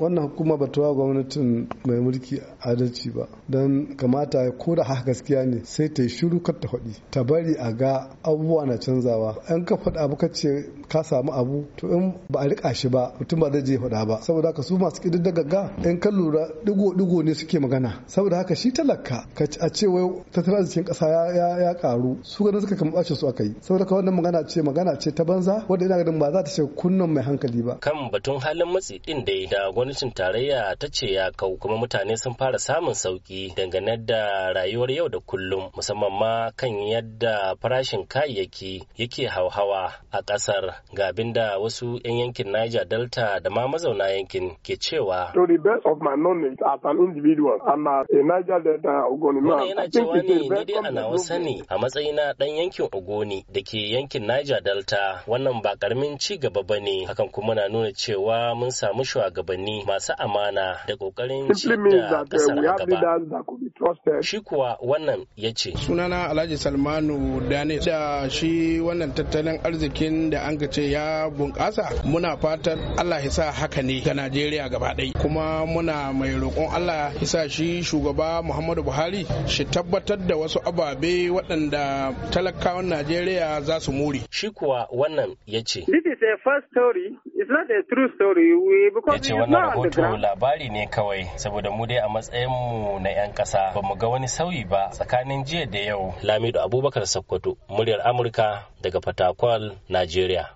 wannan hukuma ba wa gwamnatin mai mulki adalci ba don kamata ko da haka gaskiya ne sai ta yi shiru kar ta faɗi ta bari a ga abubuwa na canzawa an ka faɗa abu ka ce ka samu abu to in ba a riƙa shi ba mutum ba zai je faɗa ba saboda haka su masu daga ga in ka lura digo digo ne suke magana saboda haka shi talaka ka a ce wai tattalin arzikin ƙasa ya ƙaru su ganin suka kama ɓacin su aka yi saboda haka wannan magana ce magana ce ta banza wanda ina ganin ba za ta ce kunnan mai hankali ba kan batun halin matsi ɗin da ya gwamnatin tarayya ta ce ya kau kuma mutane sun fara samun sauki dangane da rayuwar yau da kullum musamman ma kan yadda farashin kayayyaki yake hauhawa a ƙasar ga abin da wasu 'yan yankin Niger Delta da ma mazauna yankin ke cewa. To the best of a matsayin Delta matsayina ɗan yankin Ogoni da ke yankin Niger Delta wannan ba ƙaramin ci gaba ba ne hakan kuma na nuna cewa mun samu shugabanni masu amana da ƙoƙarin da uh, ƙasar gaba. Shi kuwa wannan ya ce. Sunana Alhaji Salmanu Dane da shi wannan tattalin arzikin da an ce ya bunƙasa muna fatan Allah ya sa haka ne ga Najeriya gaba ɗaya kuma muna mai roƙon Allah ya sa shi shugaba Muhammadu Buhari shi tabbatar da wasu ababe waɗanda talakawan Najeriya za su more. Shi kuwa wannan ya ce. This is a first story, it's not a true story. We, because ya ce wannan rahoto labari ne kawai saboda mu dai a matsayin mu na 'yan ƙasa ba mu ga wani sauyi ba tsakanin jiya da yau lamido abubakar sakkwato muryar amurka daga fatakwal najeriya